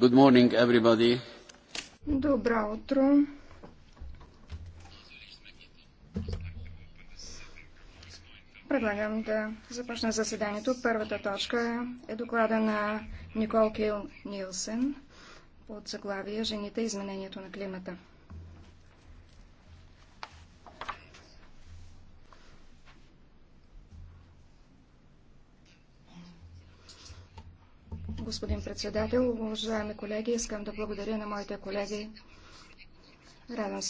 Good morning, everybody. Добро утро. Предлагам да започна заседанието. Първата точка е доклада на Никол Кил Нилсен под заглавие Жените изменението на климата. господин председател. Уважаеми колеги, искам да благодаря на моите колеги. Радвам се,